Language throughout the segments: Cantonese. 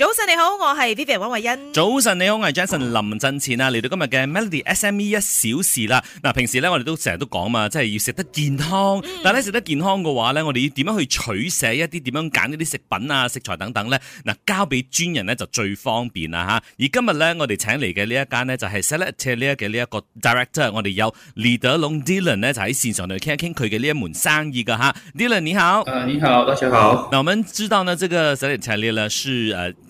早晨你好，我係 Vivian 溫慧欣。早晨你好，我係 Jason 林振前啊！嚟到今日嘅 Melody SME 一小時啦。嗱，平時咧我哋都成日都講啊嘛，即係要食得健康。嗯、但係咧食得健康嘅話咧，我哋要點樣去取捨一啲點樣揀一啲食品啊食材等等咧？嗱，交俾專人咧就最方便啦吓。而今日咧我哋請嚟嘅呢一間咧就係 s e l a d Chile 嘅呢一個 Director，我哋有 Leader Long Dillon 咧就喺線上度傾一傾佢嘅呢一門生意㗎吓 Dillon 你好。嗯、呃，你好，大家好。那我們知道呢，這個 s e l a d Chile 呢是誒。呃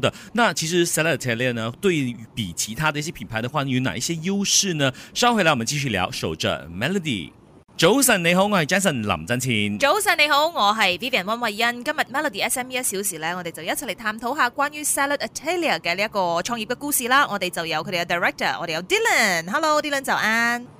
的。那其實 Salad Italia 呢對比其他的一些品牌的話，有哪一些優勢呢？稍後回來我們繼續聊。守着 Melody，早晨你好，我係 Jason 林振前。早晨你好，我係 Vivian 溫慧欣。今日 Melody SME 一小時咧，我哋就一齊嚟探討下關於 Salad Italia 嘅呢一個創業嘅故事啦。我哋就有佢哋嘅 Director，我哋有 Dylan，Hello Dylan 早安。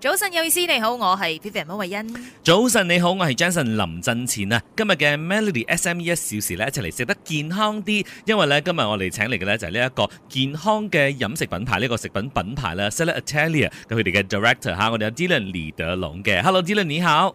早晨，有意思你好，我係 Pepa 馬慧欣。早晨你好，我係 Jensen 林振前啊。今日嘅 Melody SME 一小時咧，一齊嚟食得健康啲。因為咧，今日我哋請嚟嘅咧就係呢一個健康嘅飲食品牌，呢、呢個食品品牌啦 Salad Italia director,。咁佢哋嘅 Director 吓，我哋有 Dylan 李德龍嘅。Hello Dylan，你好。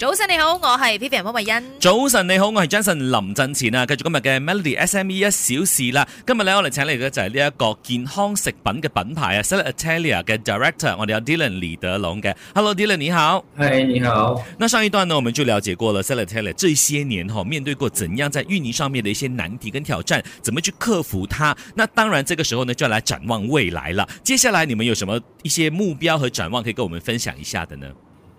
早晨你好，我係 Pepi 安方慧欣。早晨你好，我係 Jason 林振前啊。繼續今日嘅 Melody SME 一小時啦。今日咧，我哋請嚟嘅就係呢一個健康食品嘅品牌啊 Salatelia 嘅 Director，我哋有 Dylan 李德龍嘅。Hello Dylan，你好。嗨、hey，你好。那上一段呢，我們就了解過了 Salatelia 這些年哈，面對過怎樣在運營上面的一些難題跟挑戰，怎麼去克服它。那當然，這個時候呢，就要來展望未來啦。接下來，你們有什麼一些目標和展望，可以跟我們分享一下的呢？